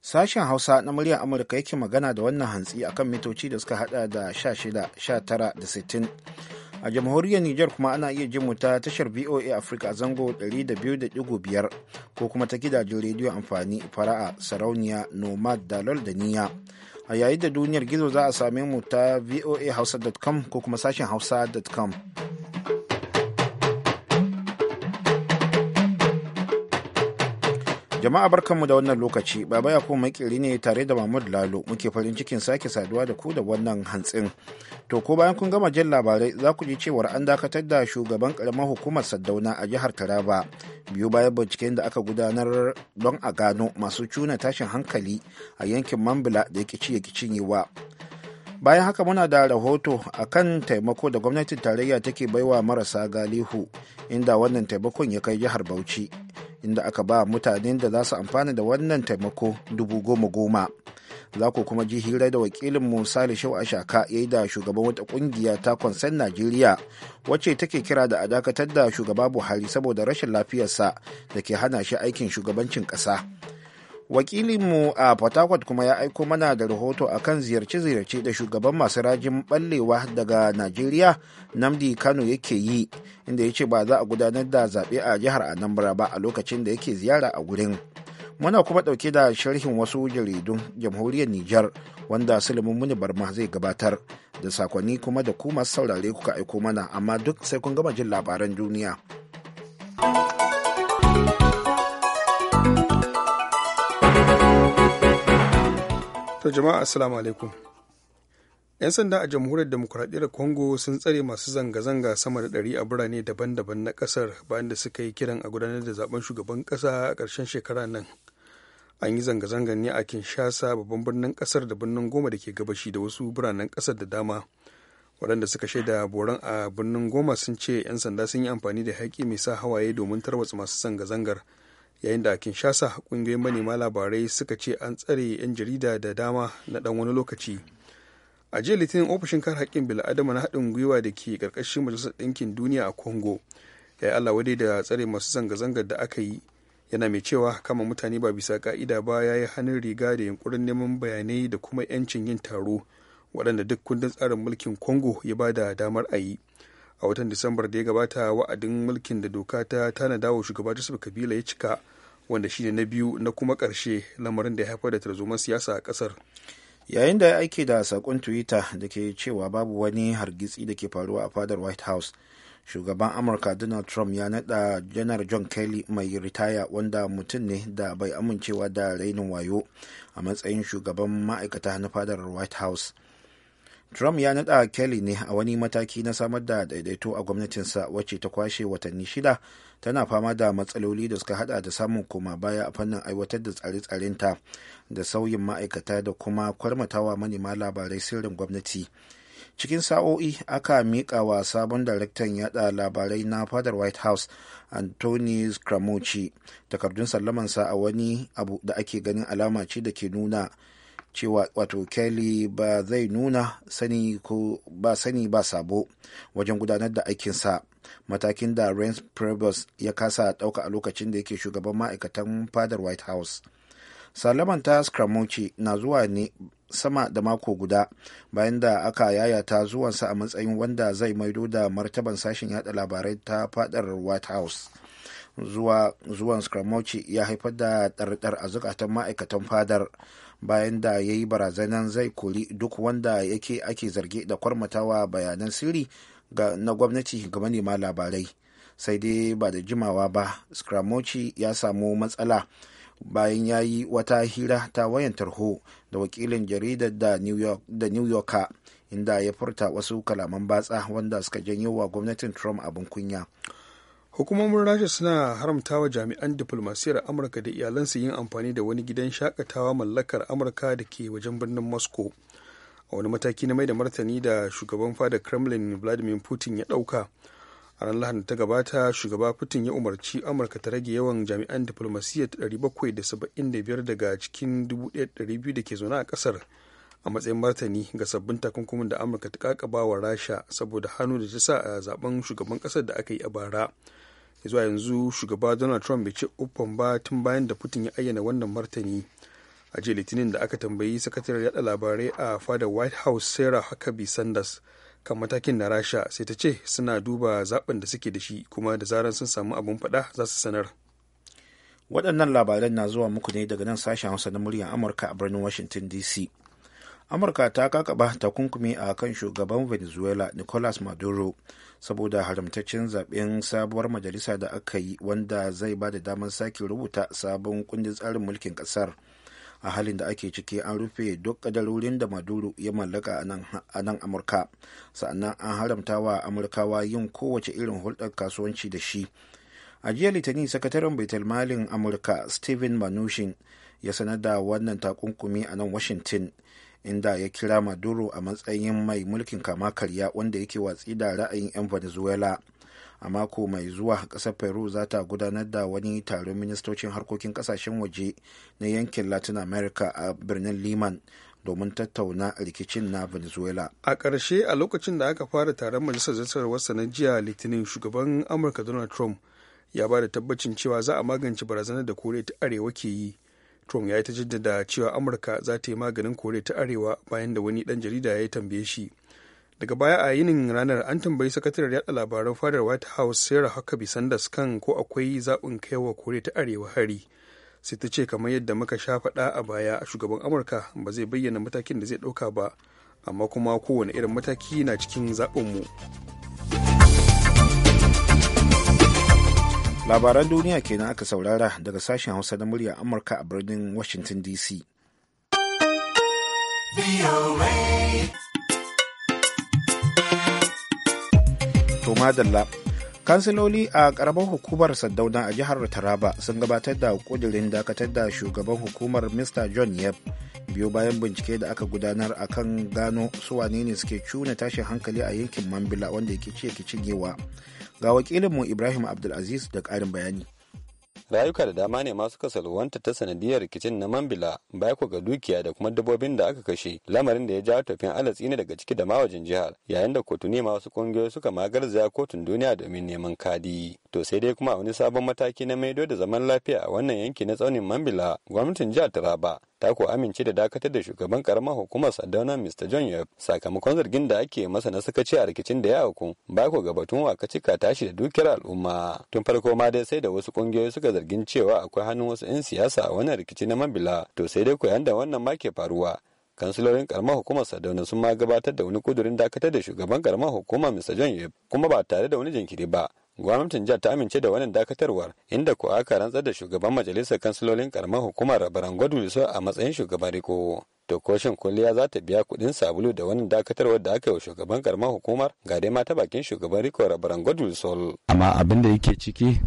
Sashen Hausa na muryar Amurka yake magana da wannan hantsi akan mitoci da suka hada da 16, 19 da 60. a jamhuriyar Nijar kuma ana iya jin mu ta tashar VOA Africa a zango 200.5 ko kuma ta gidajen rediyo amfani fara'a sarauniya nomad dalol da niya a yayin da duniyar gizo za a same mu ta voa hausa.com ko kuma sashen hausa.com Jama'a barkanmu da wannan lokaci, Baba ya kuma makiri ne tare da Mahmud Lalo muke farin cikin sake saduwa da ku da wannan hantsin. To ko bayan kun gama jin labarai za ku ji cewar an dakatar da shugaban karamar hukumar sadauna a jihar Taraba biyu bayan binciken da aka gudanar don a gano masu cuna tashin hankali a yankin Mambila da yake ciye yi cinyewa. Bayan haka muna da rahoto a kan taimako da gwamnatin tarayya take baiwa marasa galihu inda wannan taimakon ya kai jihar Bauchi. inda aka ba mutanen da za su amfana da wannan taimako dubu goma goma za ku kuma ji hira da wakilin mu sale shau ashaka ya yi da shugaban wata kungiya ta konsen najeriya wacce take kira da a dakatar da shugaba buhari saboda rashin lafiyarsa da ke hana shi aikin shugabancin ƙasa. wakilinmu a port kuma ya aiko mana da rahoto a kan ziyarce-ziyarce da shugaban masu rajin ballewa daga najeriya namdi kano yake yi inda ya ce ba za a gudanar da zaɓe a jihar anambra ba a lokacin da yake ziyara a gurin muna kuma ɗauke da sharhin wasu jaridun jamhuriyar nijar wanda silimin muni barma zai gabatar da sakonni kuma da kuma saurare kuka aiko mana amma duk sai kun gama jin labaran duniya. To jama'a assalamu alaikum. 'Yan sanda a jamhuriyar demokuraɗiyyar Congo sun tsare masu zanga-zanga sama da ɗari a birane daban-daban na ƙasar bayan da suka yi kiran a gudanar da zaben shugaban ƙasa a ƙarshen shekara nan. An yi zanga-zangar ne a Kinshasa babban birnin ƙasar da birnin Goma da ke gabashi da wasu biranen ƙasar da dama. Waɗanda suka shaida boran a birnin Goma sun ce 'yan sanda sun yi amfani da haƙi mai sa hawaye domin tarwatsa masu zanga-zangar. zanga zangar yayin da a kinshasa kungiyoyin manema labarai suka ce an tsare 'yan jarida da dama na dan wani lokaci a jiya litinin ofishin kar haƙƙin bil'adama na haɗin gwiwa da ke ƙarƙashin majalisar ɗinkin duniya a congo ya yi allah wadai da tsare masu zanga-zangar da aka yi yana mai cewa kama mutane ba bisa ƙa'ida ba ya yi hannun riga da yunkurin neman bayanai da kuma 'yancin yin taro waɗanda duk kundin tsarin mulkin congo ya ba da damar a yi a watan disambar da ya gabata wa'adin mulkin da doka ta tanada wa shugaba joseph kabila ya cika wanda shine na biyu na kuma karshe lamarin da ya haifar da tarzoman siyasa a kasar. yayin da ya aiki da saƙon twitter da ke cewa babu wani hargitsi da ke faruwa a fadar white house shugaban amurka donald trump ya nada janar john kelly mai ritaya wanda mutum ne da bai amincewa da rainin wayo a matsayin shugaban ma'aikata na fadar white house Trump ya nada Kelly ne a wani mataki na samar da daidaito a gwamnatinsa wacce ta kwashe watanni shida tana fama da matsaloli da suka hada da samun koma baya a fannin aiwatar da tsare-tsarenta da sauyin ma'aikata da kuma kwarmatawa manema labarai sirrin gwamnati. Cikin sa'o'i aka miƙa wa sabon daraktan yada labarai na fadar White House Anthony Scaramucci takardun sallamansa a wani abu da ake ganin alama ce da ke nuna cewa wato kelly ba zai nuna sani ko ba sani ba sabo wajen gudanar da aikinsa matakin da reince prebus ya kasa ɗauka a lokacin da yake shugaban ma'aikatan fadar white house salaman ta scramoci na zuwa ne sama da mako guda bayan da aka yayata zuwansa a matsayin wanda zai maido da martaban sashen yada labarai ta fadar white house zuwa zuwan skramochi ya haifar da ɗarɗar a zukatan ma'aikatan fadar bayan da ya yi barazanan zai kori duk wanda yake ake zarge da kwarmatawa bayanan sirri na gwamnati ga manema labarai sai dai ba da jimawa ba skramochi ya samu matsala bayan ya yi wata hira ta wayan tarho da wakilin jaridar da new yorker inda ya furta wasu kalaman batsa wanda suka janyo wa gwamnatin trump abin kunya hukumomin rasha suna haramta wa jami'an diflomasiyyar amurka da iyalansu yin amfani da wani gidan shakatawa mallakar amurka da ke wajen birnin moscow a wani mataki na mai da martani da shugaban fada kremlin vladimir putin ya dauka a ran lahadi ta gabata shugaba putin ya umarci amurka ta rage yawan jami'an diflomasiyyar 775 daga cikin 1200 da ke zaune a kasar a matsayin martani ga sabbin takunkumin da amurka ta kakaba wa rasha saboda hannu da ta sa a zaben shugaban kasar da aka yi a bara zuwa yanzu shugaba donald trump bai ce uffan ba tun bayan da putin ya ayyana wannan martani a jiya litinin da aka tambayi sakataren yada labarai a fada white house sarah huckabee sanders kan matakin na rasha sai ta ce suna duba zaben da suke da shi kuma da zaran sun samu abin faɗa za su sanar waɗannan labaran na zuwa muku ne daga nan sashen hausa na muryar amurka a birnin washington dc amurka ta kakaba takunkumi a kan shugaban venezuela nicolas maduro saboda haramtaccen zaben sabuwar majalisa da aka yi wanda zai ba da damar sake rubuta sabon kundin tsarin mulkin kasar a halin da ake ciki an rufe duk kadarorin da maduro ya mallaka a nan amurka sa'annan an haramta wa amurkawa yin kowace irin hulɗar kasuwanci da shi a jiya litinin sakataren baitul malin amurka steven manushin ya sanar da wannan takunkumi a nan washington inda ya kira maduro a matsayin mai mulkin kama karya wanda yake watsi da ra'ayin 'yan venezuela a mako mai zuwa kasar peru za ta gudanar da wani taron ministocin harkokin kasashen waje na yankin latin america a birnin liman domin tattauna rikicin na venezuela a ƙarshe a lokacin da aka fara taron majalisar zartarwarsa na jiya litinin shugaban amurka donald trump ya ba da tabbacin cewa za a magance barazanar da koriya ta arewa ke yi trump ya yi ta jaddada cewa amurka za ta yi maganin kore ta arewa bayan da wani dan jarida ya yi tambaye shi daga baya a yinin ranar an tambayi sakataren yada labaran fadar white house sarah huckabee sanders kan ko akwai zaɓin kaiwa kore ta arewa hari sai ta ce kamar yadda muka sha faɗa a baya a shugaban amurka ba zai bayyana matakin da zai ɗauka ba amma kuma kowane irin mataki na cikin zaɓinmu. mu labaran duniya kenan aka saurara daga sashen hausa na murya amurka a birnin washington dc kansiloli a karamar hukumar sandauna a jihar taraba sun gabatar da kudirin dakatar da shugaban hukumar mr john yeb biyo bayan bincike da aka gudanar a kan gano su wane ne suke cuna tashin hankali a yankin mambila wanda yake ci yake cinyewa Ga mu Ibrahim Abdulaziz da ƙarin bayani. rayuka da dama ne masu kasalwanta ta sanadiyar rikicin na mambila ku ga dukiya da kuma dabbobin da aka kashe lamarin da ya jawo tafin alatsi ne daga ciki da mawajin jihar yayin da kotuni masu kungiyoyi suka magarzaya kotun duniya domin neman kadi to sai dai kuma wani sabon mataki na maido da zaman lafiya a wannan yanki na tsaunin mambila gwamnatin jihar taraba ta ko amince da dakatar da shugaban karamar hukumar sadauna mr john yap sakamakon zargin da ake masa na sakaci a rikicin da ya auku ba ko gabatun waka cika tashi da dukiyar al'umma tun farko ma dai sai da wasu kungiyoyi suka zargin cewa akwai hannun wasu 'yan siyasa a wannan rikici na mambila to sai dai ku da wannan ma ke faruwa kansilorin karamar hukumar sadauna sun ma gabatar da wani kudurin dakatar da shugaban karamar hukumar mr john yap kuma ba tare da wani jinkiri ba gwamnatin jihar ta amince da wannan dakatarwar inda ko aka rantsar da shugaban majalisar kansilolin karamar hukumar rabaran gwadu so a matsayin shugaban riko to ko shin kulliya za ta biya kudin sabulu da wannan dakatarwar da aka yi wa shugaban karamar hukumar ga dai ma ta bakin shugaban riko rabaran gwadu amma abin da yake ciki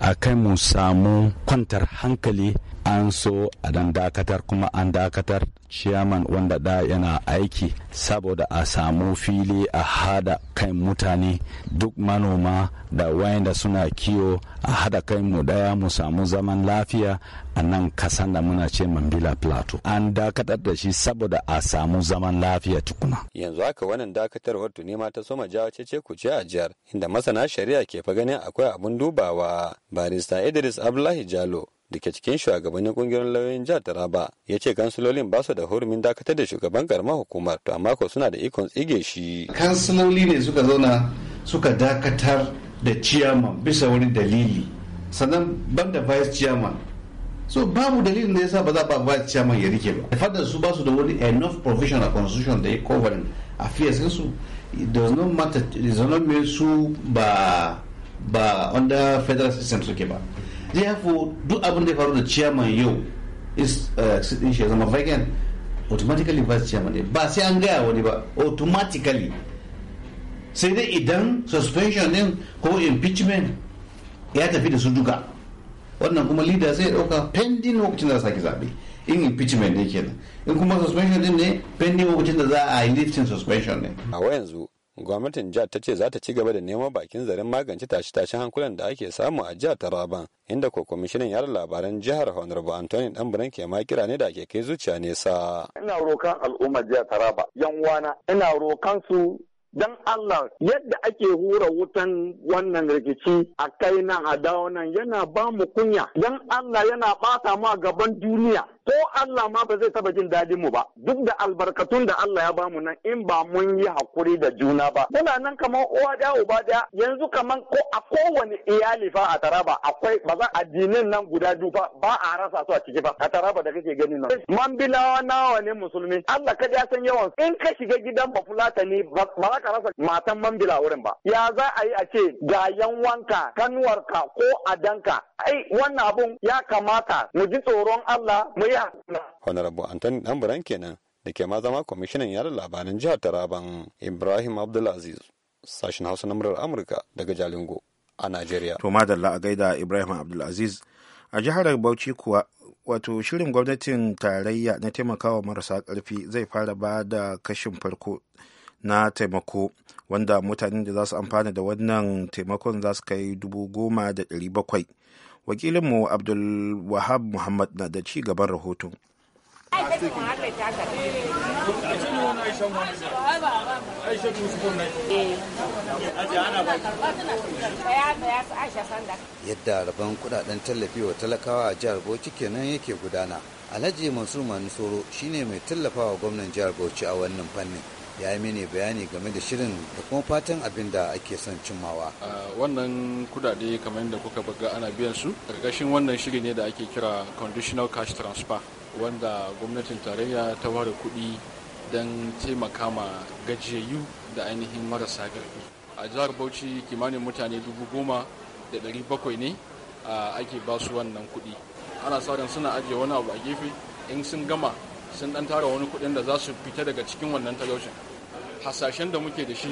a kai mu samu kwantar hankali an so a dan dakatar kuma an dakatar ciyaman wanda da yana aiki saboda a samu fili a hada kai mutane duk manoma da wayanda suna kiwo a hada kai mu daya mu samu zaman lafiya a nan kasan da muna ce mambila plateau an dakatar da shi saboda a samu zaman lafiya tukuna yanzu haka wannan dakatar tuni ma ta soma jawo cece ce a jihar inda masana shari'a ke fa ganin akwai abun dubawa barista idris abdullahi jalo da cikin shugabannin kungiyoyin lauyoyin jihar Taraba ya ce kansilolin ba su da hurumin dakatar da shugaban karamar hukumar to amma ko suna da ikon tsige shi. Kansiloli ne suka zauna suka dakatar da ciyaman bisa wani dalili sannan banda vice chairman so babu dalilin da yasa ba za ba vice chairman ya rike ba. Da fadar su ba su da wani enough provision a constitution da ya covering affairs su does not matter does not mean su ba ba under federal system suke ba. therefore duk abin da ya faru da chairman yau is uh, din shi zama vegan automatically vice chairman ne ba sai an gaya wani ba automatically sai dai idan suspension din ko impeachment ya tafi da su duka wannan kuma leader zai dauka pending lokacin da sake zabe in impeachment ne kenan in kuma suspension din ne pending lokacin da za a yi lifting suspension ne a yanzu gwamnatin jihar ta ce za ta ci gaba da neman bakin zarin magance tashe-tashen hankulan da ake samu a jihar taraban inda ko kwamishinan yara labaran jihar honorable antony dan ke ma kira ne da ake kai zuciya nesa ina rokan al'ummar jihar taraba yan wana ina rokan su dan Allah yadda ake hura wutan wannan rikici a kai nan a dawo nan yana ba mu kunya Dan Allah yana bata ma gaban duniya ko Allah ma ba zai taba jin dadin mu ba duk da albarkatun da Allah ya bamu nan in ba mun yi hakuri da juna ba muna nan kamar uwa da uba da yanzu kamar ko a kowane iyali fa a taraba akwai ba za addinin nan guda biyu ba ba a rasa su a ciki ba. a taraba da kake gani nan man bilawa nawa ne musulmi Allah ka ya san yawan in ka shiga gidan bafulatani ne ba za ka rasa matan man bila wurin ba ya za a yi a ce ga yanwanka kanuwarka ko adanka ai wannan abun ya kamata mu ji tsoron Allah mu ya Honorable Anthony Ɗanburan kenan da ke ma zama kwamishinan yada labaran jihar Taraban Ibrahim Abdulaziz sashen Hausa na murar Amurka daga Jalingo a Najeriya. To madalla a gaida Ibrahim Abdulaziz a jihar Bauchi kuwa wato shirin gwamnatin tarayya na taimakawa marasa karfi zai fara ba da kashin farko na taimako wanda mutanen da za su amfana da wannan taimakon za su kai dubu goma da ɗari bakwai wakilinmu abdul wahab muhammad na da ci gaban rahoton yadda rabon kudaden tallafi wa talakawa a jihar bauchi kenan yake gudana alhaji mansur mansoro shine mai tallafawa gwamnan jihar bauchi a wannan fannin ya yi mini bayani game da shirin da kuma fatan abin da ake son cimmawa. wannan kudade kamar yadda kuka buga ana biyan su ƙarƙashin wannan shiri ne da ake kira conditional cash transfer wanda gwamnatin tarayya ta ware kuɗi don taimaka ma gajiyayyu da ainihin marasa ƙarfi a jihar bauchi kimanin mutane dubu goma da ɗari bakwai ne ake ba su wannan kuɗi ana sa ran suna ajiye wani abu a gefe in sun gama sun ɗan tara wani kuɗin da za su fita daga cikin wannan talaucin hasashen da muke da shi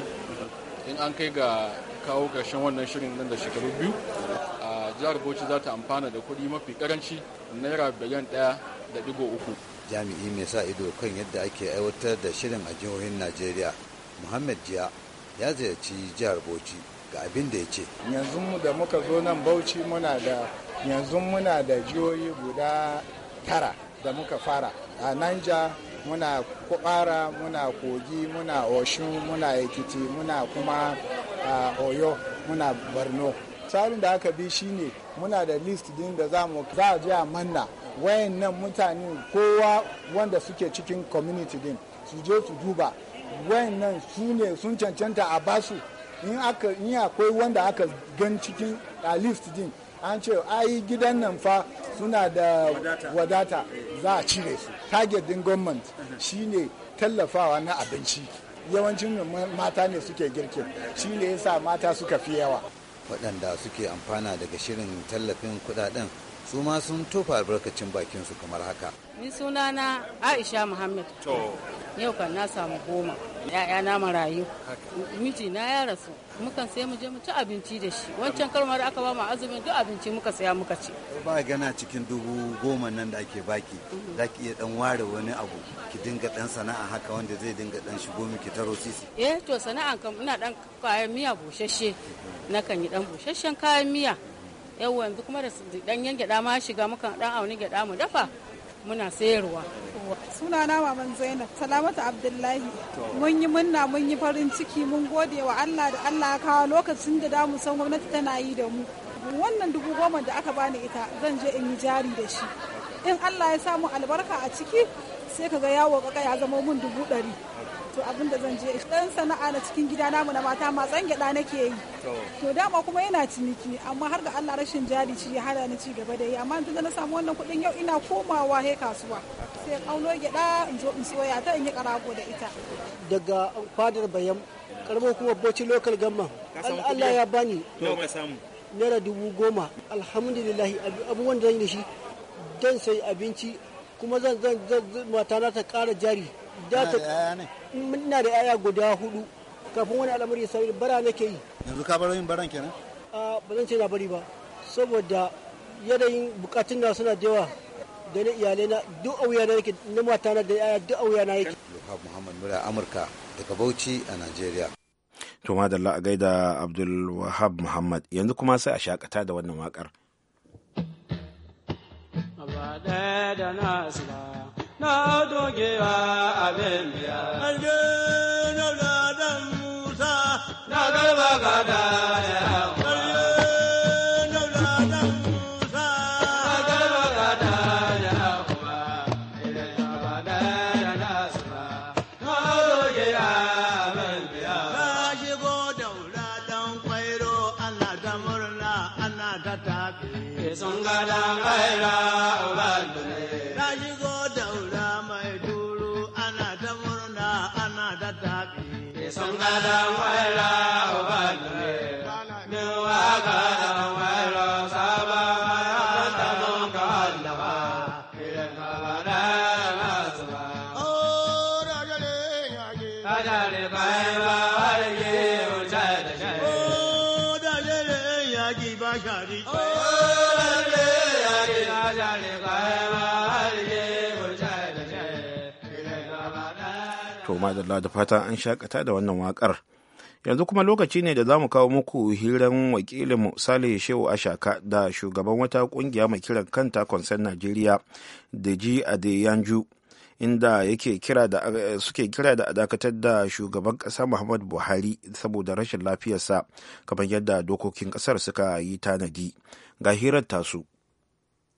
in an kai ga kawo ƙarshen wannan shirin nan da shekaru biyu a jihar bauchi za ta amfana da kuɗi mafi karanci naira biliyan ɗaya da digo uku jami'i mai sa ido kan yadda ake aiwatar da shirin a jihohin najeriya muhammad jiya ya ziyarci jihar bauchi ga abin da ya ce yanzu da muka zo nan bauchi muna da yanzu muna da jihohi guda tara da muka fara a nanja muna kwara muna kogi muna oshun muna ekiti muna kuma ah, oyo muna borno tsarin da aka bi shine muna da list din da za mu a je a manna wayannan mutane kowa wanda suke cikin community din su je su duba wayannan su ne sun cancanta a basu in akwai wanda aka gan cikin a list din an ce ai gidan nan fa suna da wadata za a cire su target din government shine tallafawa na abinci yawancin mata ne suke girki shine yasa mata suka fi yawa waɗanda suke amfana daga shirin tallafin kuɗaɗen su ma sun tofa albarkacin bakinsu kamar haka. Ni sunana Aisha Muhammad. To, yau kan na samu goma ya'ya na marayu miji na ya rasu mukan sai mu je mu ci abinci da shi wancan kalmar aka ba mu azumin duk abinci muka saya muka ci ba gana cikin dubu goma nan da ake baki za ki iya dan ware wani abu ki dinga dan sana'a haka wanda zai dinga dan shigo miki taro sisi eh to sana'an kam ina dan kayan miya bushashe nakan yi dan bushashen kayan miya yau yanzu kuma da dan yan gyada ma shiga mukan dan auni gyada mu dafa muna sayarwa yawwa suna na maman zainab salamatu abdullahi mun yi munna mun yi farin ciki mun gode wa allah da allah ya kawo lokacin da damu san gwamnati tana yi da mu wannan dubu goma da aka bani ita zan je in yi jari da shi in allah ya samu albarka a ciki sai ka ga yawo kaka ya zama mun dubu ɗari to abin da zan je dan sana'a na cikin gida namu na mata matsan gida nake yi to dama kuma yana ciniki amma har da Allah rashin jari ci hada ni ci gaba da yi amma tunda na samu wannan kuɗin yau ina komawa he kasuwa sai kaulo gyada in zo in soya ta in yi karago da ita daga fadar bayan karbo kuma bocci local gamma Allah ya bani naira dubu goma alhamdulillah abubuwan da zan yi da shi dan sai abinci kuma zan zan matana ta kara jari da ta muna da yaya guda hudu kafin wani al'amari ya sauri bara nake yi yanzu ka bar yin baran kenan a ba zan ce na bari ba saboda yanayin bukatun na suna da yawa da na iyalai na duk auya na yake na mata na da yaya duk auya na yake Luhab Muhammad Mura Amurka daga Bauchi a Najeriya to madalla a gaida Abdul Wahab Muhammad yanzu kuma sai a shakata da wannan wakar ba da na dogewa abin biya. Aljanna da Musa na garba gada ya I'm Allah madalla da fatan an shakata da wannan wakar yanzu kuma lokaci ne da za mu kawo muku hiran wakilinmu sale shehu ashaka da shugaban wata kungiya mai kiran kanta konsen najeriya da ji adeyanju inda yake kira da suke kira da dakatar da shugaban kasa muhammad buhari saboda rashin lafiyarsa kamar yadda dokokin kasar suka yi tanadi ga hirar tasu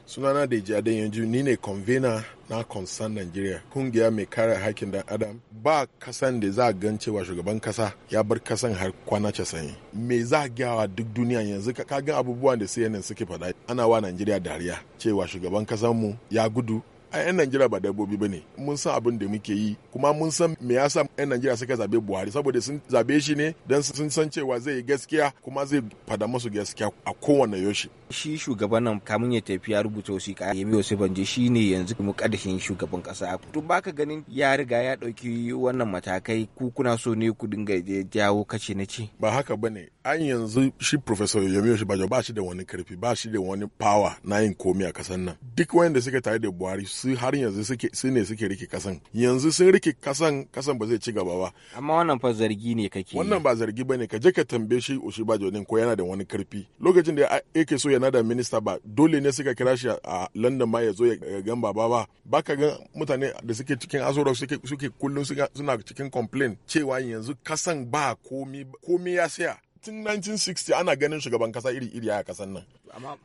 sunana da ji yanzu ni ne convener na concern nigeria kungiya mai kare hakkin dan adam ba kasan da za a gan cewa shugaban kasa ya bar kasan har kwana casa'in me za a gyawa duk duniya yanzu ka ga abubuwan da cnn suke faɗa ana wa nigeria dariya cewa shugaban mu ya gudu a 'yan Najeriya ba dabbobi ba ne mun san abin da muke yi kuma mun san me yasa 'yan Najeriya suka zabe Buhari saboda sun zabe shi ne don sun san cewa zai yi gaskiya kuma zai fada musu gaskiya a kowane yoshi shi shugaban nan kamun ya tafi ya rubuta wasu ka biyo wasu banje shi ne yanzu mu kadashin shugaban kasa to baka ganin ya riga ya ɗauki wannan matakai ku kuna so ne ku dinga jawo kace na ce ba haka bane an yanzu shi professor Yemi Osinbajo ba shi da wani karfi ba shi da wani power na yin komai a kasan nan duk wanda suka tare da Buhari su har yanzu suke su ne suke rike kasan yanzu sun rike kasan kasan ba zai ci gaba ba amma wannan fa zargi ne kake wannan ba zargi bane ka je ka tambaye shi Osinbajo din ko yana da wani karfi lokacin da yake so yana da minista ba dole ne suka kira shi a london ma ya zo ya gan baba ba ka ga mutane da suke cikin azoro suke kullum suna cikin complain cewa yanzu kasan ba komi komi ya siya tun 1960 ana ganin shugaban kasa iri-iri a kasan nan.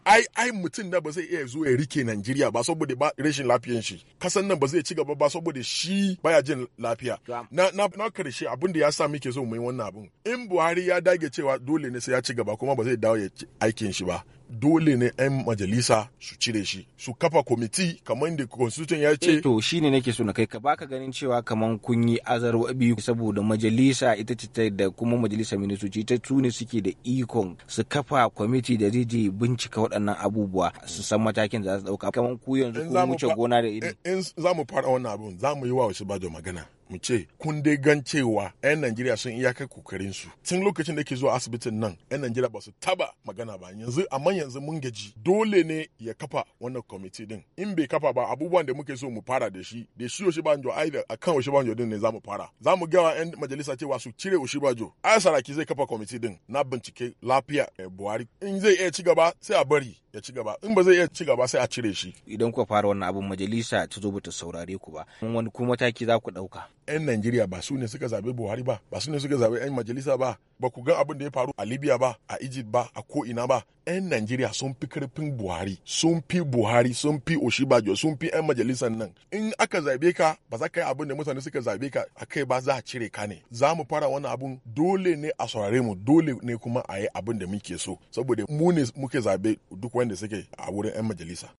Ai, ai mutum da ba zai iya zo ya rike Najeriya ba saboda ba rashin lafiyan shi. Kasan nan ba zai ci gaba ba saboda shi baya jin lafiya. Na, na, na karshe abin da ya sa muke so mu yi wannan abin. In Buhari ya dage cewa dole ne sai ya ci gaba kuma ba zai dawo ya aikin shi ba. dole ne 'yan majalisa su cire shi su kafa kwamiti kamar da constitution ya ce eh to ne nake so na kai ka baka ganin cewa kamar kun yi azarwa biyu saboda majalisa ita ce ta da kuma majalisa ministoci ita su ne suke da ikon su kafa kwamiti da zai je bincika waɗannan abubuwa su san matakin da za su ɗauka kamar ku yanzu ku wuce gona da iri in za mu fara wannan abun za mu yi wa wasu bajo magana mu ce kun dai gan cewa 'yan Najeriya sun iya kai kokarin su. Tun lokacin da ke zuwa asibitin nan 'yan Najeriya ba su taba magana ba yanzu amma yanzu mun gaji dole ne ya kafa wannan kwamiti din. In bai kafa ba abubuwan da muke so mu fara da shi da shi Oshibanjo ai da akan Oshibanjo din ne za mu fara. Za mu gawa 'yan majalisa cewa su cire Oshibanjo. a saraki zai kafa kwamiti din na bincike lafiya eh, Buhari. In zai iya ci gaba sai a bari ya ci gaba in ba zai iya ci gaba sai a cire shi idan kuka fara wannan abin majalisa ta zo bata saurare ku ba wani kuma mataki za ku dauka yan Najeriya ba su ne suka zabe Buhari ba ba su ne suka zabe yan majalisa ba ba ku ga abin da ya faru a Libya ba a Egypt ba a ko ina ba 'yan Najeriya sun fi karfin Buhari, sun fi Buhari, sun fi Oshibajo, sun fi 'yan majalisar nan. In aka zabe ka, ba za ka yi abin da mutane suka zabe ka a kai ba za a cire ka ne. Za mu fara wani abun dole ne a saurare mu, dole ne kuma a yi abin da muke so, saboda mu ne muke zaɓe duk wanda suke a wurin 'yan majalisa.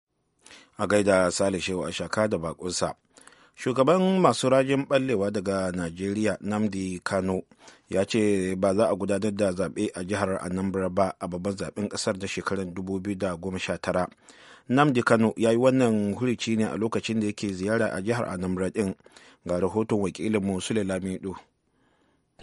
A gaida Sale Shehu Ashaka da bakunsa. Shugaban masu rajin ɓallewa daga Najeriya Namdi Kano ya ce ba za a gudanar da zaɓe a jihar anambra ba a babban zaɓen ƙasar da shekarar 2019 namdi kano ya yi wannan hurici ne a lokacin da yake ziyara a jihar anambra ɗin ga rahoton wakilin mu sule lamido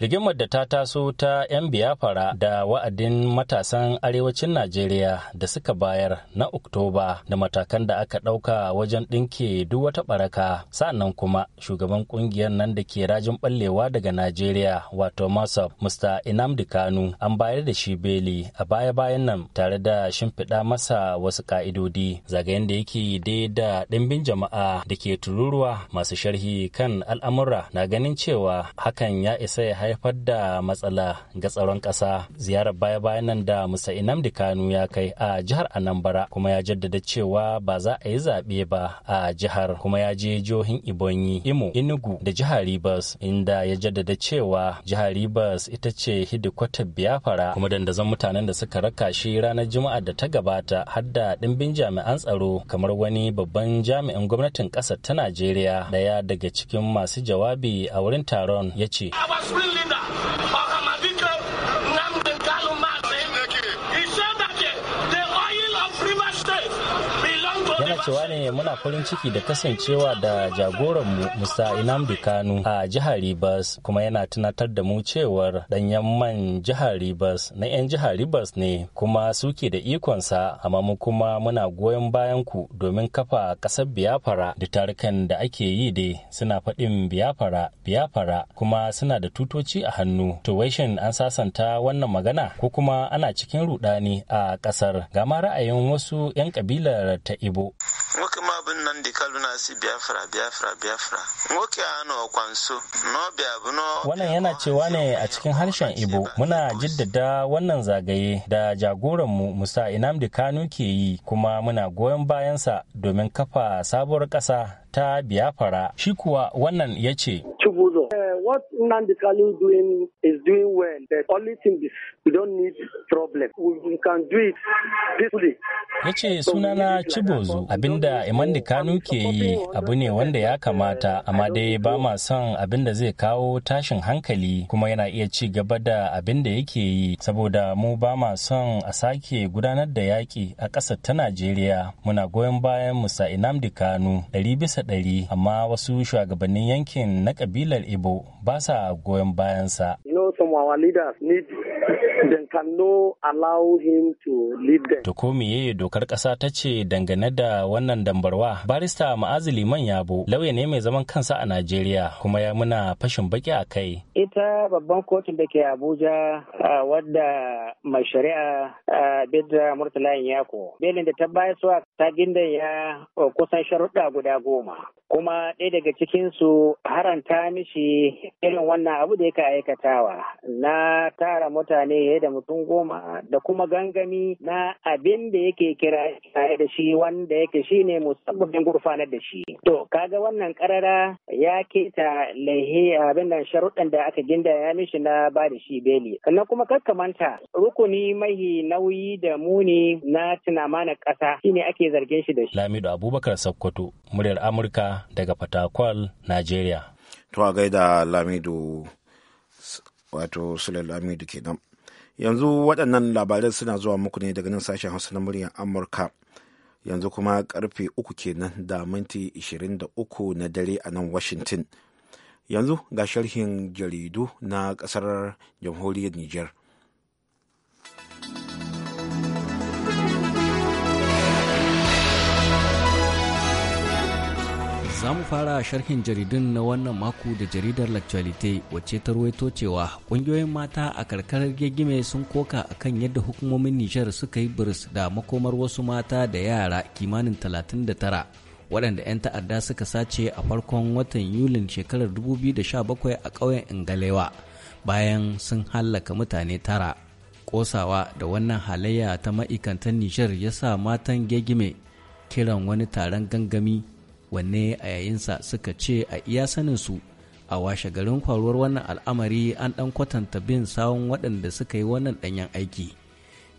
rigimar da ta taso ta 'yan biyafara da wa'adin matasan arewacin najeriya da suka bayar na oktoba da matakan da aka ɗauka wajen ɗinke duk wata ɓaraka sa'annan kuma shugaban ƙungiyar nan da ke rajin ɓallewa daga najeriya wato masop mr inamdi kanu an bayar da shi beli a baya-bayan nan tare da shimfiɗa masa wasu ƙa'idodi zagayen da yake dai da ɗimbin jama'a da ke tururuwa masu sharhi kan al'amura na ganin cewa hakan ya isa ya haifar da matsala ga tsaron ƙasa ziyarar baya-bayan nan da musa inamdi kanu ya kai a jihar anambra kuma ya jaddada cewa ba za a yi zaɓe ba a jihar kuma ya je jihohin ibonyi imo inugu da jihar rivers inda ya jaddada cewa jihar rivers ita ce hidikwatar biyafara kuma dandazon mutanen da suka raka shi ranar juma'a da ta gabata har da ɗimbin jami'an tsaro kamar wani babban jami'in gwamnatin ƙasar ta najeriya ɗaya daga cikin masu jawabi a wurin taron ya ce cewa ne muna farin ciki da kasancewa da jagoranmu Musa Inamdi Kanu a jihar Ribas kuma yana tunatar da mu cewar danyen man jihar Ribas na 'yan jihar Ribas ne kuma suke da ikonsa amma mu kuma muna goyon bayan ku domin kafa ƙasar Biafra da tarukan da ake yi dai suna faɗin Biafra Biafra kuma suna da tutoci a hannu. To wai shin an sasanta wannan magana ko kuma ana cikin rudani a ƙasar. Gama ra'ayin wasu 'yan ƙabilar ta Ibo. nwoke bụ nna ndị kalu na-asị biafra biafra biafra nwoke a nọ ọkwa nso n'ọbịa bụ n'ọ wannan yana cewa ne a cikin harshen ibo muna jiddada wannan zagaye da jagoran mu musa inamdi kanu ke yi kuma muna goyon bayansa domin kafa sabuwar ƙasa ta biyafara Shi kuwa wannan ya ce. Eh, what Nnamdi is doing well. The only thing problem. We, can do Ya ce sunana Chibozu abinda Imandi Kanu ke yi abu ne wanda ya kamata amma dai ba ma son abinda zai kawo tashin hankali kuma yana iya ci gaba da abinda yake yi saboda mu ba ma son a sake gudanar da yaƙi a ƙasar ta Najeriya muna goyon bayan Musa Inamdi Kanu ɗari bisa bisa ɗari amma wasu shugabannin yankin na kabilar Ibo ba sa goyon bayansa. they allow him to lead them. To ko meye dokar ƙasa ta ce dangane da wannan dambarwa? Barista Ma'azu Liman Yabo lauya ne mai zaman kansa a Najeriya kuma ya muna fashin baki a kai. Ita babban kotun da ke Abuja wadda mai shari'a Bidda Murtala Yako. Belin da ta bayar suwa ta gindan ya kusan sharuɗa guda goma. kuma ɗaya daga cikinsu haranta mishi irin wannan abu da yake aikatawa na tara mutane da mutum goma da kuma gangami na abin da yake kira tare da shi wanda yake shi ne musamman gurfanar da shi. To, kaga wannan karara ya keta laihe abin nan sharuɗan da aka ginda ya mishi na ba da shi beli. Sannan kuma manta, rukuni mahi nauyi da muni na na ƙasa shine ake zargin shi da shi. Lamido Abubakar Sakkwato, muryar Amurka daga Fatakwal, Najeriya. To a gaida Lamidu wato Sule Lamidu kenan. Yanzu waɗannan labarai suna zuwa muku ne daga nan sashen Hausa na muryar Amurka. Yanzu kuma karfe uku kenan da minti 23 na dare a nan Washington. Yanzu ga sharhin jaridu na ƙasar jamhuriyar Nijar. Za mu fara sharhin jaridun na wannan mako da jaridar L'Actualité wacce ta ruwaito cewa ƙungiyoyin mata a karkarar gegime sun koka akan yadda hukumomin Nijar suka yi birs da makomar wasu mata da yara kimanin 39 waɗanda 'yan ta'adda suka sace a farkon watan Yulin shekarar 2017 a ƙauyen Ingalewa bayan sun hallaka mutane tara. Ƙosawa da wannan halayya ta ma'aikatan Nijar ya sa matan gegime kiran wani taron gangami wanne a yayinsa suka ce a iya sanin su a washe garin kwaruwar wannan al'amari an ɗan kwatanta bin sawun waɗanda suka yi wannan ɗanyen aiki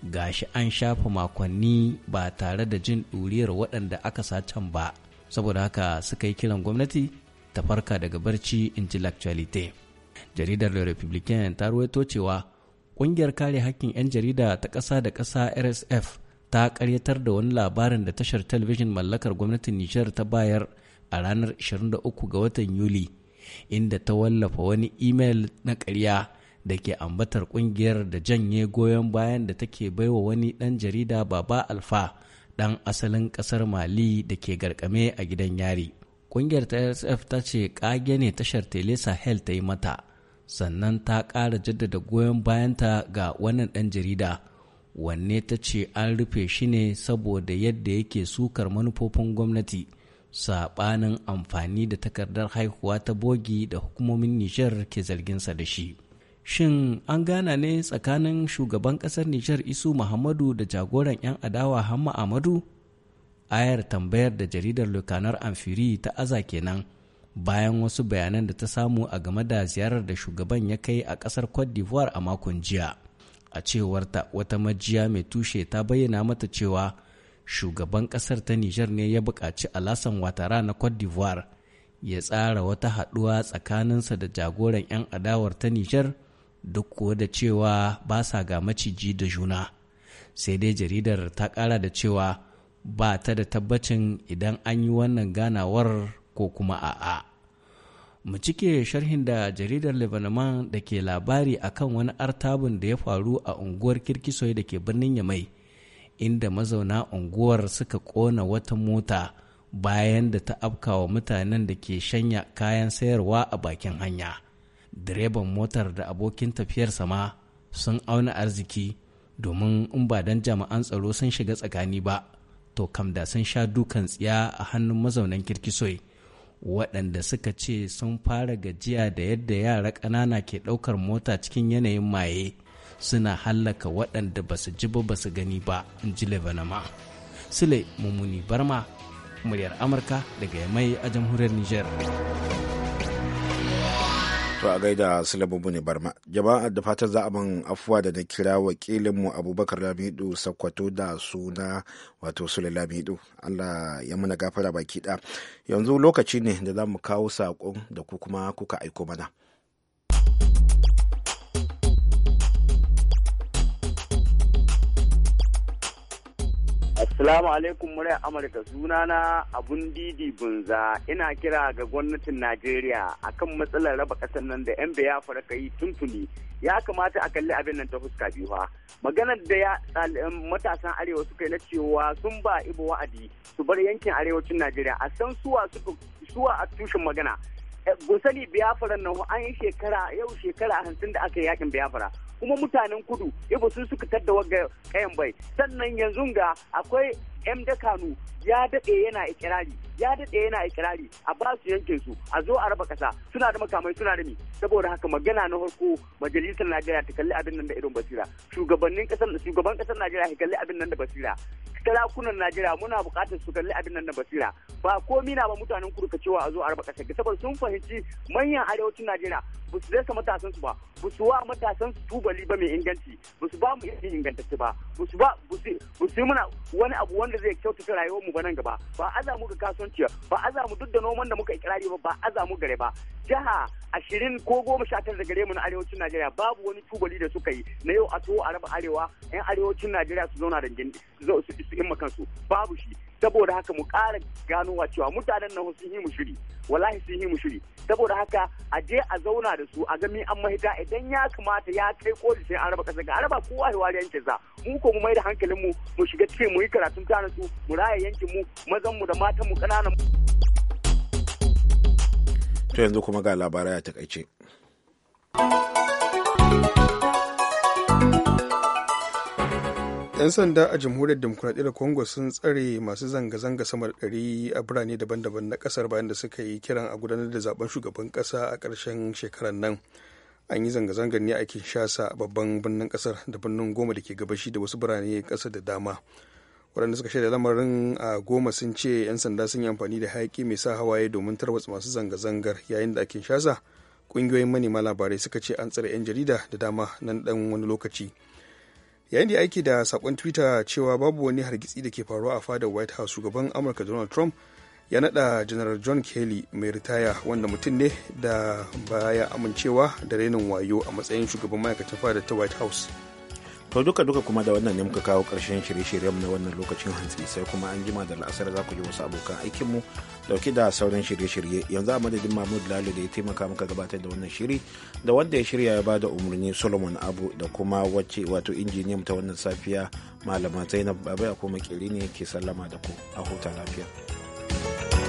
ga shi an shafa makonni ba tare da jin ɗuriyar waɗanda aka sacan ba saboda haka suka yi kiran gwamnati ta farka daga barci intellectualite jaridar da republican ta ruwaito cewa ƙungiyar kare haƙƙin 'yan jarida ta ƙasa da ƙasa rsf ta karyatar da wani labarin da tashar talabijin mallakar gwamnatin Nijar ta bayar a ranar 23 ga watan Yuli, inda ta wallafa wani imel na karya da ke ambatar kungiyar da janye goyon bayan da take baiwa wani ɗan jarida Baba Alfa ɗan asalin ƙasar Mali da ke garkame a gidan yari. Kungiyar ta SF ta ce ƙage ne tashar Tele Sahel ta yi mata, sannan ta ƙara jaddada goyon bayanta ga wannan ɗan jarida. wanne ta ce an rufe shi ne saboda yadda yake sukar manufofin gwamnati saɓanin amfani da takardar haihuwa ta bogi da hukumomin nijar ke zarginsa da shi shin an gana ne tsakanin shugaban ƙasar nijar isu muhammadu da jagoran 'yan adawa hamma amadu ayar tambayar da jaridar lukanar amfiri ta aza kenan bayan wasu bayanan da ta samu a game da ziyarar da shugaban ya kai a ƙasar cote d'ivoire a makon jiya a cewarta wata majiya mai tushe ta bayyana mata cewa shugaban kasar ta nijar ne ya buƙaci alasan watara na cote d'ivoire ya tsara wata haɗuwa tsakaninsa da jagoran 'yan adawar ta nijar duk kuwa da cewa ba sa ga maciji da juna sai dai jaridar ta ƙara da cewa ba ta da tabbacin idan an yi wannan ganawar ko kuma a'a. mu cike sharhin da jaridar Lebanon da ke labari a kan wani artabun da ya faru a unguwar kirkisoyi da ke birnin Yamai, inda mazauna unguwar suka kona wata mota bayan da ta afkawa mutanen da ke shanya kayan sayarwa a bakin hanya. Direban motar da abokin tafiyarsa ma sun auna arziki domin in ba don jami'an tsaro sun shiga tsakani ba, to kam da sun sha dukan tsiya a hannun mazaunan kirkisoyi. waɗanda suka ce sun fara gajiya da yadda yara ƙanana ke ɗaukar mota cikin yanayin maye suna hallaka waɗanda ba su ji ba ba su gani ba in ji lebanama sule mummuni barma muryar amurka daga yamai a jamhuriyar niger To a gaida Sulabubu ne barma. Jama'a da fatan za a min afuwa da na kira wakilinmu Abubakar lamidu Sakwato da suna wato Sule lamidu Allah ya muna gafara baki da. Yanzu lokaci ne da za mu kawo saƙon da ku kuma kuka aiko mana. Salamu alaikum murai Amurka na abun didi bunza ina kira ga gwamnatin Najeriya akan matsalar raba kasar nan da 'yan biya ka yi tuntuni ya kamata a kalli abin nan ta fuska biyu ha. Maganar da ya matasan arewa suka yi na cewa sun ba ibo wa'adi su bar yankin arewacin Najeriya a san suwa a tushen magana gusali eh, biyafra nan an yi shekara yau shekara hamsin da aka yi yakin biyafara kuma mutanen kudu yabo sun suka tadda ga kayan bai sannan yanzu ga akwai yan da ya daɗe yana ikirari ya daɗe yana ikirari a ba su yanke su a zo a raba ƙasa suna da makamai suna da mi saboda haka magana na farko majalisar Najeriya ta kalli abin nan da irin basira shugabannin ƙasar shugaban ƙasar Najeriya ta kalli abin nan da basira sarakunan Najeriya muna buƙatar su kalli abin nan da basira ba komi na ba mutanen kurka cewa a zo a raba ƙasa saboda sun fahimci manyan arewacin Najeriya ba su rasa matasan su ba ba su wa matasan su tubali ba mai inganci ba su ba mu ilimi ingantacce ba ba su ba ba su yi muna wani abu wanda zai kyautata rayuwar mu ba nan gaba ba aza mu ga kasuwanci ba aza mu duk da noman da muka ikirari ba ba aza mu gare ba jiha ashirin ko goma sha tara da gare mu na arewacin Najeriya babu wani tubali da suka yi na yau a tuwo a raba arewa yan arewacin Najeriya su zauna da su imma kansu babu shi saboda haka mu ƙara ganowa cewa mutanen nan sun yi mu shiri wallahi sun yi mu shiri saboda haka a je a zauna da su a ga an mahita idan ya kamata ya kai koli sai an raba kasa ga araba kowa ya wari yankin sa mu ko mu mai da hankalin mu mu shiga cikin mu yi karatun tana su mu raya yankin mu mazan mu da matan mu kananan mu to yanzu kuma ga labarai a takaice 'yan sanda a jamhuriyar demokuraɗiyyar congo sun tsare masu zanga-zanga sama da ɗari a birane daban-daban na ƙasar bayan da suka yi kiran a gudanar da zaben shugaban ƙasa a ƙarshen shekarar nan an yi zanga-zangar ne a kinshasa babban birnin ƙasar da birnin goma da ke gabashi da wasu birane ƙasa da dama waɗanda suka shaida lamarin a goma sun ce 'yan sanda sun yi amfani da hayaƙi mai sa hawaye domin tarwatsa masu zanga-zangar yayin da a kinshasa ƙungiyoyin manema labarai suka ce an tsare 'yan jarida da dama nan ɗan wani lokaci yayin da aiki da sakon twitter cewa babu wani hargitsi da ke faruwa a fadar white house shugaban amurka donald trump ya nada janar john kelly mai ritaya wanda mutum ne da baya amincewa da rainin wayo a matsayin shugaban ma'aikatan fadar ta white house to duka duka kuma da wannan ne muka kawo karshen shirye-shiryen na wannan lokacin hantsi sai kuma an jima da la'asar za ku ji wasu abokan aikinmu dauke da sauran shirye-shirye yanzu a madadin mahmud lalo da ya taimaka muka gabatar da wannan shiri da wanda ya shirya ya bada umarni solomon abu da kuma wacce wato injiniyan ta wannan safiya malama zainab babai a kuma ne ke sallama da ku a huta lafiya.